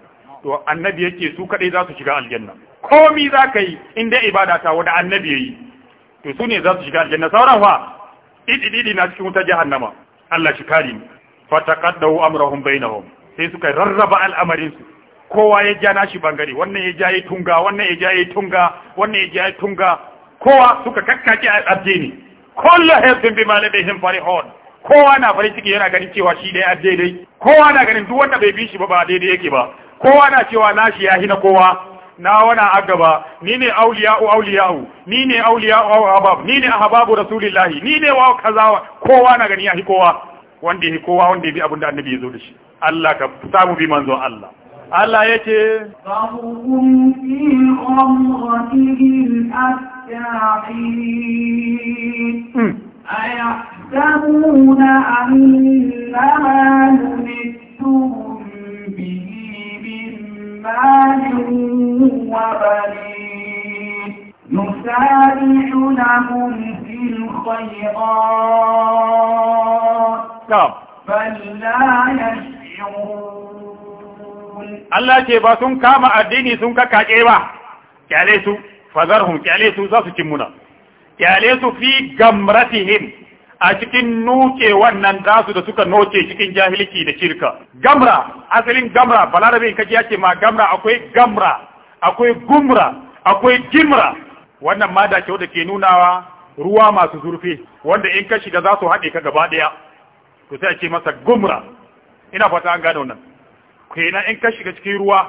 to annabi yake su kadai za su shiga aljanna komi zaka yi in dai ibada ta wada annabi yayi to su ne za su shiga aljanna sauran fa didi na cikin wuta jahannama Allah shi kare mu fataqaddu amrahum bainahum sai suka rarraba al'amarin su kowa ya ja nashi bangare wannan ya ja yi tunga wannan ya ja yi tunga wannan ya ja yi tunga kowa suka kakkake a addini kullu hizbin bima ladayhim farihun kowa na farin ciki yana ganin cewa shi dai dai kowa na ganin duk wanda bai bi shi ba ba daidai yake ba kowa na cewa nashi ya hina kowa na wana agaba ni ne auliya'u auliya'u ni ne auliya'u ahbab ni ne ahbabu rasulillahi ni ne wa kaza kowa na gani ya hi kowa wanda ya hi kowa wanda ya bi abinda annabi ya zo da shi Allah ka samu bi manzo Allah Allah ya ce, أيحسبون أن ما نمتهم به من مال وبنين نسارع لهم في الخيرات بل لا يشعرون Allah ce ba sun kama addini sun kakkaƙe ba kyale su fazarhum kyale su za su cimmuna kyale su fi gamratihim a cikin nuke wannan za su da suka noce cikin jahilci da shirka gamra asalin gamra balarabe kaji ya ce ma gamra akwai gamra akwai gumra akwai gimra wannan ma da kyau da ke nunawa ruwa masu zurfi wanda in ka shiga za su haɗe ka gaba ɗaya to sai a ce masa gumra ina fata an gane wannan kena in ka shiga cikin ruwa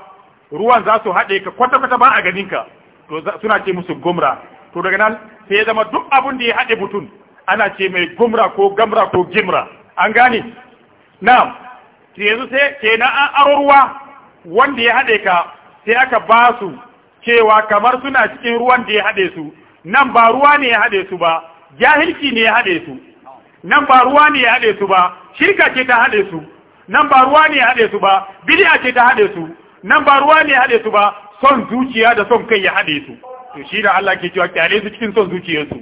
ruwan za su haɗe ka kwata-kwata ba a ganin ka to suna ce musu gumra to daga nan sai ya zama duk abin da ya haɗe butun, ana ce mai gumra ko gamra ko gimra an gane Na, to yanzu sai kenan an aro ruwa wanda ya haɗe ka sai aka ba su cewa kamar suna cikin ruwan da ya haɗe su nan ba ruwa ne ya haɗe su ba jahilci ne ya haɗe su nan ba ruwa ne ya haɗe su ba shirka ce ta haɗe su nan ba ruwa ne haɗe su ba bidiya ce ta haɗe su nan ba ruwa ne haɗe su ba son zuciya da son kai ya haɗe su to shi da Allah ke cewa kyale su cikin son zuciyarsu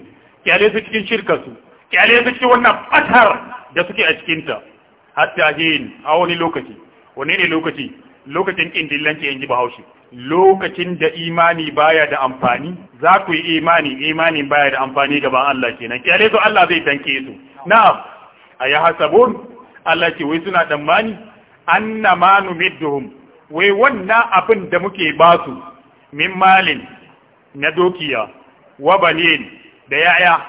kyale su cikin shirkarsu kyale su cikin wannan fatar da suke a cikinta hatta hin a wani lokaci wani ne lokaci lokacin kin dillanci yanzu bahaushe lokacin da imani baya da amfani za ku yi imani imanin baya da amfani gaban Allah kenan kyale su Allah zai tanke su na'am ayahasabun Allah ce wai suna tsammani manu numidduhum wai wannan abin da muke ba su min malin na dukiya wa banin da yaya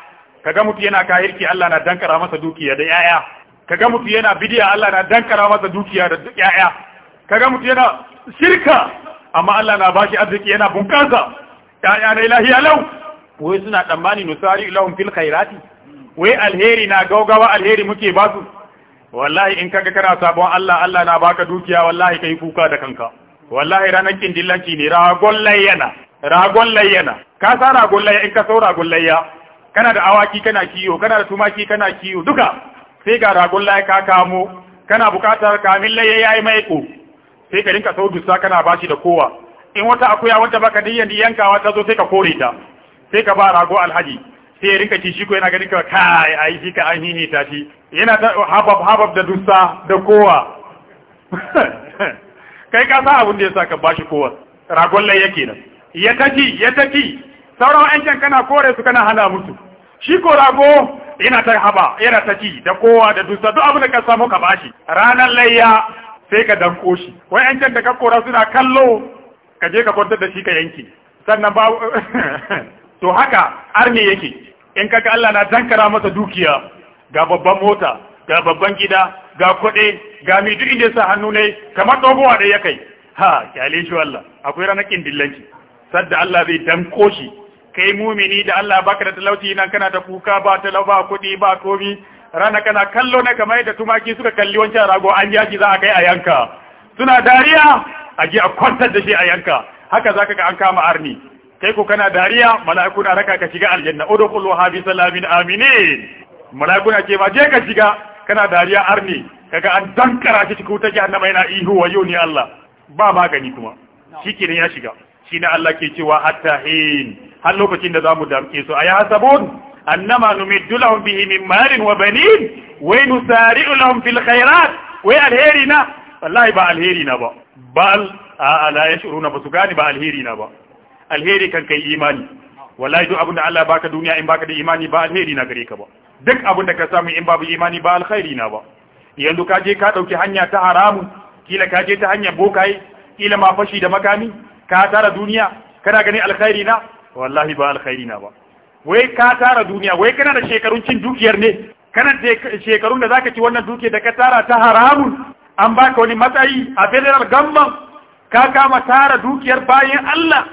kaga mutu yana kahirki Allah na dankara masa dukiya da yaya kaga mutu yana bidiya Allah na dankara masa dukiya da yaya kaga mutu yana shirka amma Allah na bashi arziki yana bunkasa yaya na ilahi lau wai suna tsammani nusari lahum fil khairati wai alheri na gaugawa alheri muke ba su wallahi in kaga kana sabon Allah Allah na baka dukiya wallahi kai kuka da kanka wallahi ranar kin dillanci ne ragon layyana ragon layyana ka sa ragon layya in ka sau ragon layya kana da awaki kana kiyo kana da tumaki kana kiyo duka sai ga ragon layya ka kamo kana bukatar kamin layya yayi maiko sai ka rinka sau dusa kana bashi da kowa in wata akuya wata baka diyan yankawa wata zo sai ka kore ta sai ka ba rago alhaji sai ya rinka ci shi ko yana ganin kawai kai ai shi ka an ta shi yana ta habab habab da dusa da kowa <laughs> kai ka sa abin da ya ka bashi kowa ragon lai yake nan ya tafi ya tafi sauran ƴancin kana kore su kana hana musu shi ko rago yana ta haba yana ta ci da kowa da dusa duk abin da ka samu ka bashi ranar layya sai ka danko shi wai ƴancin da ka kora suna kallo ka je ka kwantar da shi ka yanke sannan ba <laughs> to haka arne yake in kaga Allah na tankara masa dukiya ga babban mota ga babban gida ga kuɗi ga mai duk inda sa hannu ne kamar dogowa da ya kai ha kyale shi Allah akwai ranar dillanci sadda Allah zai danko shi kai mumini da Allah baka da talauci nan kana da kuka ba talau ba kuɗi ba komi rana kana kallo ne kamar yadda tumaki suka kalli wancan rago an yaki za a kai a yanka suna dariya a je a kwantar da shi a yanka haka zaka ga an kama arni kai ko kana dariya mala'iku na raka ka shiga aljanna udkhul wa habi salamin aminin mala'iku na ce ma je ka shiga kana dariya arni kaga an dankara shi cikin wutar jahannama yana ihu wa yau ne Allah ba magani kuma shikenan ya shiga shine Allah ke cewa hatta hin har lokacin da zamu damke su aya hasabun annama numiddu lahum bihi min malin wa banin wa nusari'u lahum fil khairat wa alheri na wallahi ba alheri na ba bal a yashuruna basu gane ba alheri na ba alheri kan kai imani wallahi duk abinda Allah baka duniya in baka da imani ba alheri na gare ka ba duk abinda ka samu in babu imani ba alkhairi na ba yanzu ka je ka dauki hanya ta haramun kila ka je ta hanya bokaye kila ma fashi da makami ka tara duniya kana gani alkhairi na wallahi ba alkhairi na ba wai ka tara duniya wai kana da shekarun cin dukiyar ne kana da shekarun da zaka ci wannan dukiyar da ka tara ta haramun an baka wani matsayi a federal gamban ka kama tara dukiyar bayan Allah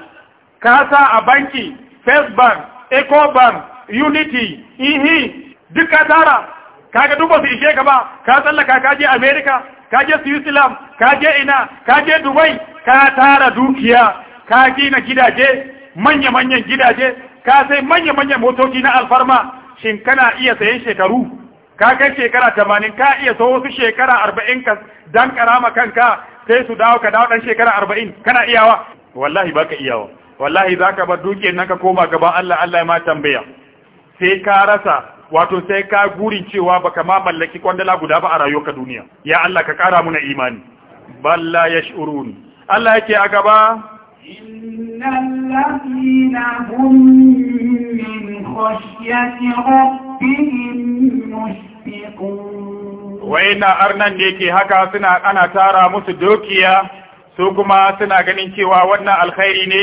ka sa a banki first bank ecobank unity ihi duka tara kaga duk wasu ishe ka ba ka tsallaka ka je america ka je switzerland ka je ina ka je dubai ka tara dukiya ka gina gidaje manya-manyan gidaje ka sai manya-manyan motoci na alfarma shin kana iya sayan shekaru ka kai shekara tamanin ka iya so wasu shekara arba'in ka dan karama kanka sai su dawo ka dawo dan shekara arba'in kana iyawa wallahi baka iyawa wallahi zaka bar dukiyar nan ka koma gaban Allah Allah ma tambaya sai ka rasa wato sai ka guri cewa baka ma mallaki kwandala guda ba a rayuwarka duniya ya Allah ka kara muna imani balla yash'urun Allah yake a gaba innal ladina hum min khashyati rabbihim mushfiqun wayna arnan ne yake haka suna ana tara musu dukiya su kuma suna ganin cewa wannan alkhairi ne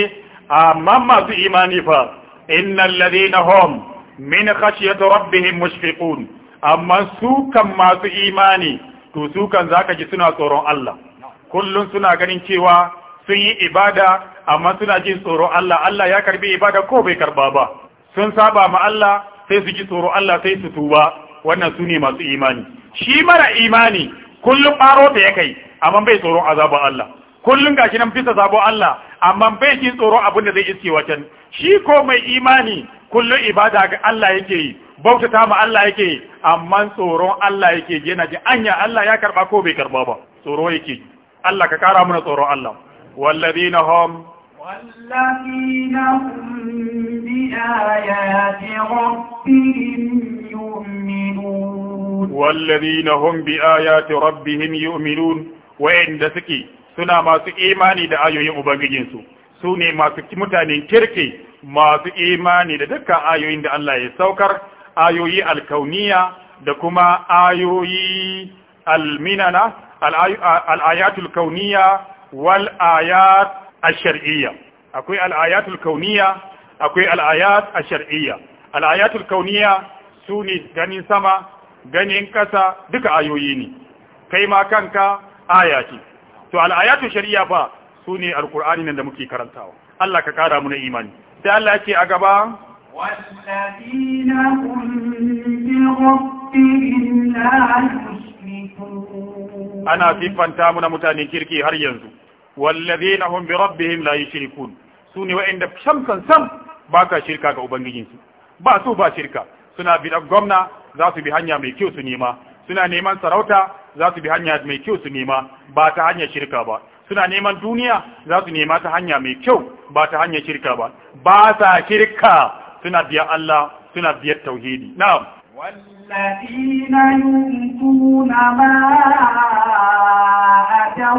amma masu imani fa innal ladina hum min khashyati rabbihim mushfiqun amma su kan masu imani to su kan zaka ji suna tsoron Allah kullun suna ganin cewa sun yi ibada amma suna jin tsoron Allah Allah ya karbi ibada ko bai karba ba sun saba ma Allah sai su ji tsoron Allah sai su tuba wannan su ne masu imani shi mara imani kullum ɓaro da ya kai amma bai tsoron azaban Allah kullun gashi nan bisa sabo Allah amma bai jin tsoro abin da zai iske wacan shi ko mai imani kullum ibada ga Allah yake yi bautata ma Allah yake yi amma tsoron Allah yake ji yana ji anya Allah ya karba ko bai karba ba tsoro yake ji Allah ka kara mana tsoron Allah wallazina hum والذين هم بآيات ربهم يؤمنون والذين هم بآيات ربهم يؤمنون وإن دسكي suna masu imani da ayoyin ubangijinsu su ne masu mutanen kirki masu imani da dukkan ayoyin da Allah ya saukar ayoyi alkauniya da kuma ayoyi alminana al'ayatul kauniya wal ayat ash-shar'iyya akwai al'ayatul kauniya akwai al'ayat ash-shar'iyya al'ayatul kauniya su ne ganin sama ganin ƙasa duka ayoyi ne kai ma kanka aya to al'ayatu shari'a fa su ne alkur'ani nan da muke karantawa Allah ka kara mu na imani sai Allah ce a gaba ana siffanta mu na mutane kirki har yanzu wallazina hum bi rabbihim la yushrikun su ne wa'inda shamsan sam ba ka shirka ga ubangijinsu ba su ba shirka suna bi gwamna za su bi hanya mai kyau su nema suna neman sarauta za su bi hanya mai kyau su nema ba ta hanyar shirka ba suna neman duniya za su nema ta hanya mai kyau ba ta hanya shirka ba ba sa shirka suna biya Allah suna biya tauhidi na'am والذين يؤتون ما أتوا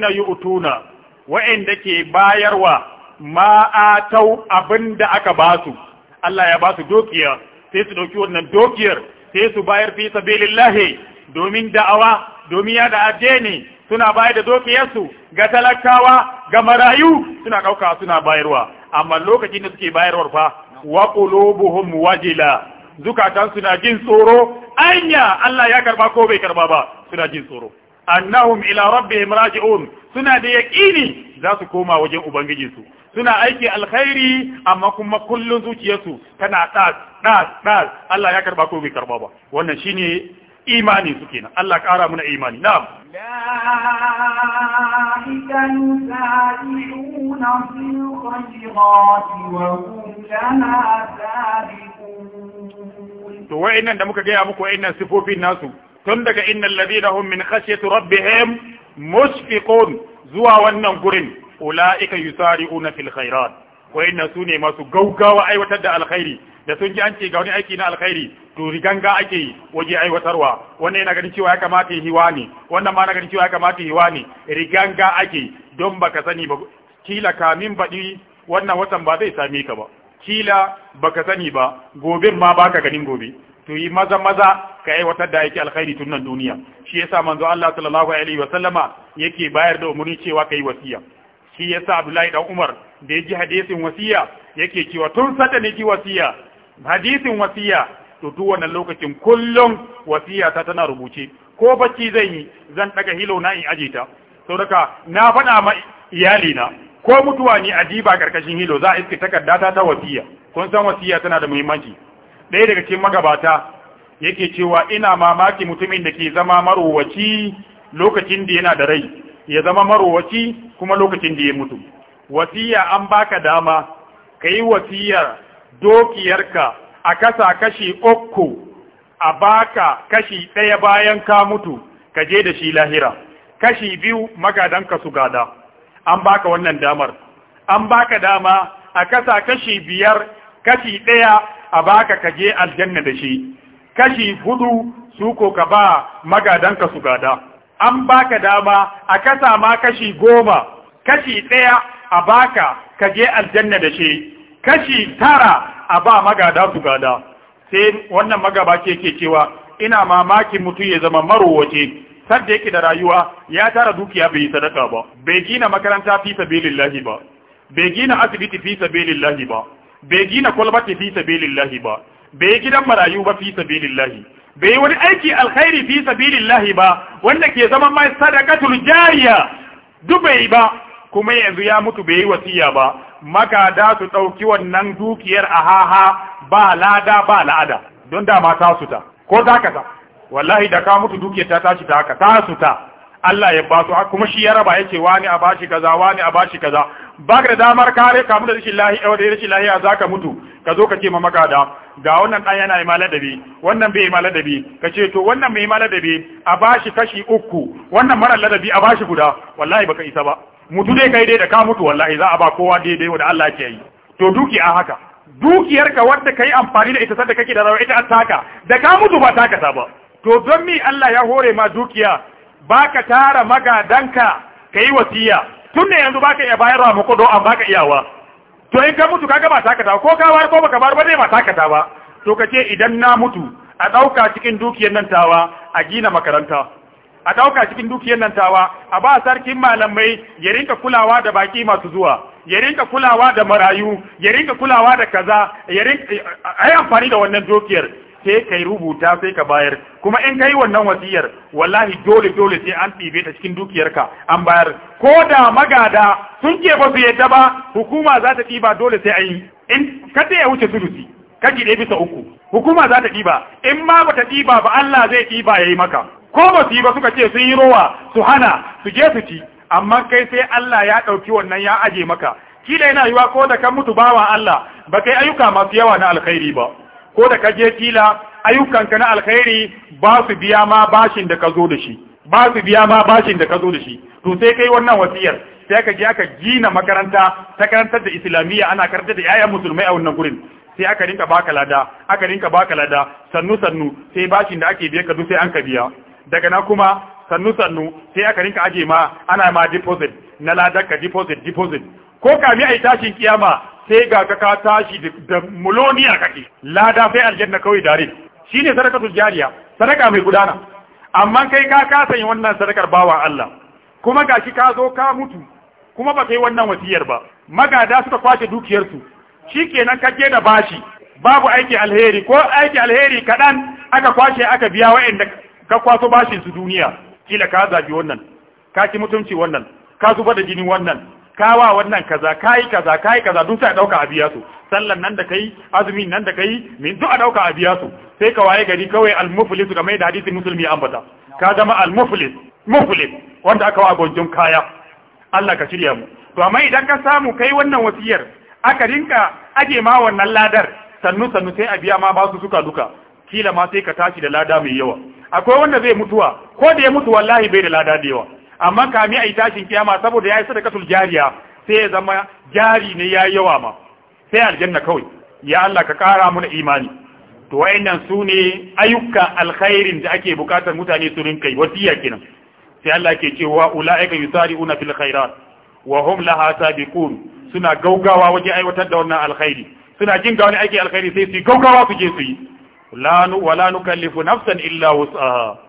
na yi utuna wa'inda ke bayarwa ma atau abinda aka basu Allah ya basu dokiya sai su dauki wannan dokiyar sai su bayar fi sabilillah domin da'awa domin ya da addini suna bayar da dokiyarsu ga talakawa ga marayu suna dauka suna bayarwa amma lokacin da suke bayarwar fa wa qulubuhum wajila zukatan suna jin tsoro anya Allah ya karba ko bai karba ba suna jin tsoro annahum ila rabbihim raji'un suna da yaqini za su koma wajen ubangiji su suna aiki alkhairi amma kuma kullun zuciyarsu tana das das das Allah ya karba ko bai karba ba wannan shine imani su kenan Allah kara mana imani na'am la'ika to wa'annan da muka ga ya muku wa'annan sifofin nasu tun daga innal ladina hun min khashyati rabbihim mushfiqun zuwa wannan gurin ulaika yusari'una fil khairat wayanna ne masu gaugawa aiwatar da alkhairi da sun ji an ce ga wani aiki na alkhairi to riganga ake yi waje aiwatarwa wannan yana ganin cewa ya kamata yi wani wannan ma na ganin cewa ya kamata yi wani riganga ake don baka sani ba kila kamin baɗi wannan watan ba zai same ka ba kila baka sani ba gobe ma baka ganin gobe to yi maza maza ka aiwatar da yake alkhairi tun nan duniya shi yasa manzo Allah sallallahu alaihi wa sallama yake bayar da umarni cewa kai wasiya shi yasa Abdullahi dan Umar da yaji hadisin wasiya yake cewa tun sada ne ki wasiya hadisin wasiya to duk wannan lokacin kullum wasiya ta tana rubuce ko bacci zan yi zan daga hilo na in aje ta saboda na faɗa ma iyali na ko mutuwa ne a diba karkashin hilo za a iske takarda ta wasiya kun san wasiya tana da muhimmanci ɗaya daga cikin magabata yake cewa ina mamaki mutumin da ke zama marowaci lokacin da yana da rai ya zama marowaci kuma lokacin da ya mutu wasiya an baka dama ka yi wasiyar dokiyarka a kasa kashi uku a baka kashi ɗaya bayan ka mutu ka je da shi lahira kashi biyu magadanka su gada an baka wannan damar an baka dama a kasa kashi biyar kashi ɗaya a baka ka je aljanna da shi kashi hudu su ko ka ba magadanka su gada an baka dama a kasa ma kashi goma kashi ɗaya a baka ka je aljanna da shi kashi tara a ba magada su gada sai wannan magabaci yake cewa ina mamakin mutum ya zama marowace sadda yake da rayuwa ya tara dukiya bai sadaka ba bai gina makaranta fi sabilillahi ba bai gina asibiti fi sabilillahi ba bai gina kwalbati fi sabilillahi ba bai gidan marayu ba fi sabilillahi bai wani aiki alkhairi fi sabilillahi ba wanda ke zama mai sadaqatul jariya duk bai ba kuma yanzu ya mutu bai yi wasiya ba maka da su ɗauki wannan dukiyar a haha ba lada ba la'ada don da ma ta suta ko ta da ka mutu dukiyar ta tashi ta suta Allah ya ba su kuma shi ya raba ce wani a bashi kaza wani a bashi kaza ba ka da damar kare kamu da rashin lahiya eh, da rashin lahiya za ka mutu ka zo ka ce ma makada ga wannan ɗan yana yi maladabi wannan bai yi maladabi ka ce to wannan mai maladabi a bashi kashi uku wannan mara ladabi a bashi guda wallahi baka isa ba mutu dai kai dai da ka mutu wallahi za a ba kowa daidai wanda Allah ke yi to duki a haka ka wadda kai amfani da ita sadda kake da rawa ita ataka da ka mutu ba taka ta ba to don me Allah ya hore ma dukiya baka tara magadanka kai wasiya tun da yanzu baka iya bayarwa mako kudo amma baka iyawa to in ka mutu kaga ba taka ko ka bayar ko baka bayar ba dai ba ba to kace idan na mutu a dauka cikin dukiyar nan tawa a gina makaranta a dauka cikin dukiyar nan tawa a ba sarkin malamai ya rinka kulawa da baki masu zuwa ya rinka kulawa da marayu ya rinka kulawa da kaza ya rinka ai amfani da wannan dukiyar sai kai rubuta sai ka bayar kuma in kai wannan wasiyar wallahi dole dole sai an ɗibe ta cikin dukiyarka an bayar ko da magada sun ke ba su yadda ba hukuma za ta ɗiba dole sai an yi in ta ya wuce sulusi ka ɗaya bisa uku hukuma za ta ɗiba in ma ba ta ɗiba ba Allah zai ɗiba ya yi maka ko ba su yi ba suka ce sun yi rowa su hana su je su ci amma kai sai Allah ya ɗauki wannan ya aje maka kila yana yiwa ko da kan mutu bawa Allah ba kai ayyuka masu yawa na alkhairi ba ko da ka je kila ayyukanka na alkhairi ba su biya ma bashin da ka zo da shi ba su biya ma bashin da ka zo da shi to sai kai wannan wasiyar sai aka je aka gina makaranta ta karantar da islamiyya ana karantar da yayan musulmai a wannan gurin sai aka rinka baka lada aka rinka baka lada sannu sannu sai bashin da ake biya ka duk sai an ka biya daga na kuma sannu sannu sai aka rinka aje ma ana ma deposit na ladar ka deposit deposit ko kami ai tashin kiyama sai ga ka ka tashi da muloniya kake lada sai aljanna kawai dare shine sadakatul jariya sadaka mai gudana amma kai ka kasa yin wannan sadakar bawa Allah kuma gashi ka zo ka mutu kuma ba kai wannan wasiyar ba magada suka kwace dukiyar su shikenan ka je da bashi babu aiki alheri ko aiki alheri kadan aka kwace aka biya wa'anda ka kwaso bashin su duniya kila ka zabi wannan ka ki mutunci wannan ka zuba da jini wannan kawa wannan kaza kai kaza kai kaza duk sai dauka a biya su sallan nan da kai azumin nan da kai min duk a dauka a biya su sai ka waye gari kawai al-muflis ga mai da hadisi musulmi ambata ka zama al-muflis muflis wanda aka wa gonjon kaya Allah ka shirya mu to amma idan ka samu kai wannan wasiyar aka rinka aje ma wannan ladar sannu sannu sai a biya ma ba su suka duka kila ma sai ka tashi da lada mai yawa akwai wanda zai mutuwa ko da ya mutu wallahi bai da lada da yawa amma kami a yi tashin kiyama saboda ya yi sadakatul jariya sai ya zama jari ne ya yawa ma sai aljanna kawai ya Allah ka kara mana imani to wayannan su ne ayyukan alkhairin da ake bukatar mutane su rinka yi wasiya kenan sai Allah ke cewa ulaika yusari'una fil khairat wa hum laha sabiqun suna gaugawa wajen aiwatar da wannan alkhairi suna jin ga wani aiki alkhairi sai su gaugawa su je su yi la nu wala nukallifu nafsan illa wus'aha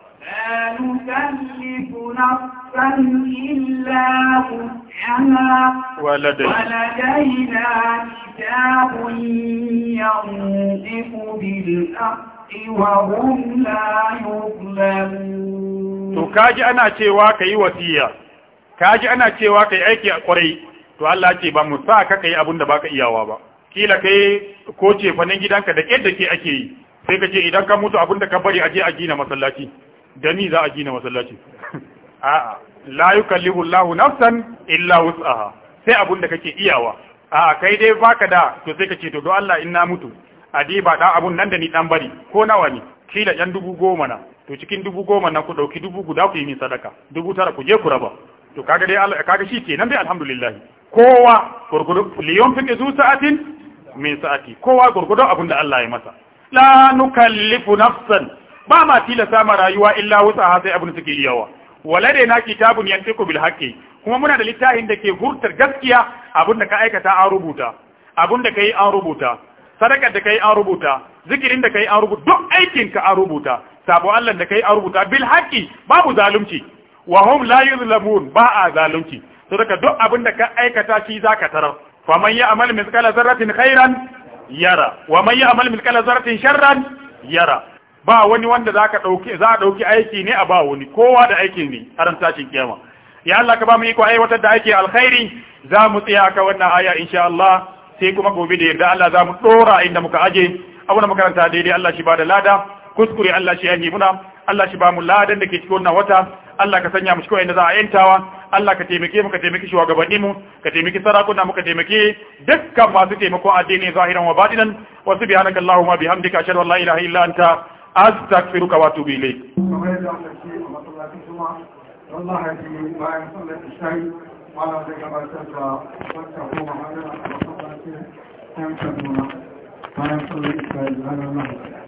ولدينا كتاب ينطق بالحق وهم لا يظلمون to kaji ana cewa kai wasiya kaji ana cewa kai aiki a kwarai to Allah ce ba mu sa ka kai abin da baka iyawa ba kila kai ko ce fanin gidanka da ƙyar da ke ake yi sai ka ce idan ka mutu abin da ka bari aje a gina masallaci dani za a gina masallaci <laughs> a'a la yukallifu Allahu nafsan illa wus'aha sai abun da kake iyawa a'a kai dai baka da to sai kace to do Allah in na mutu ba da abun nan da ni dan bari ko nawa ne kila yan dubu goma na to cikin dubu goma na ku dauki dubu guda ku yi min sadaka dubu tara ku je ku raba to kaga dai Allah kaga shi kenan dai alhamdulillah kowa gurgudu liyon fi zu sa'atin min sa'ati kowa gurgudu abun da Allah ya masa la nukallifu nafsan ba ma tilasa ma rayuwa illa wusa sai abin suke iyawa. Wala dai na kitabun yantiku bil haqqi kuma muna da littafin da ke hurtar gaskiya abin da ka aikata an rubuta abin da kai an rubuta sadakar da kai an rubuta zikirin da kai an rubuta duk aikin ka an rubuta sabo Allah da kai an rubuta bil haqqi babu zalunci wa hum la yuzlamun ba a zalunci sadaka duk abin da ka aikata shi zaka tarar fa man ya'mal mithqala zarratin khairan yara wa man ya'mal mithqala zarratin sharran yara ba wani wanda za ka ɗauki za a ɗauki aiki ne a ba wani kowa da aikin ne a ran tashin kiyama ya Allah ka ba mu iko aiwatar da aiki alkhairi za mu tsaya ka wannan aya insha Allah sai kuma gobe da yarda Allah za mu dora inda muka aje abu na makaranta daidai Allah shi ba da lada kuskure Allah shi yanyi muna Allah shi ba mu ladan da ke cikin wannan wata Allah ka sanya mu cikin wanda za a yantawa Allah ka taimake mu ka taimake gabanin mu ka taimake sarakuna mu ka taimake dukkan masu taimakon addini zahiran wa batinan wa subhanaka allahumma bihamdika ashhadu an la ilaha illa anta astaghfiruka wa atubu ilayk ولا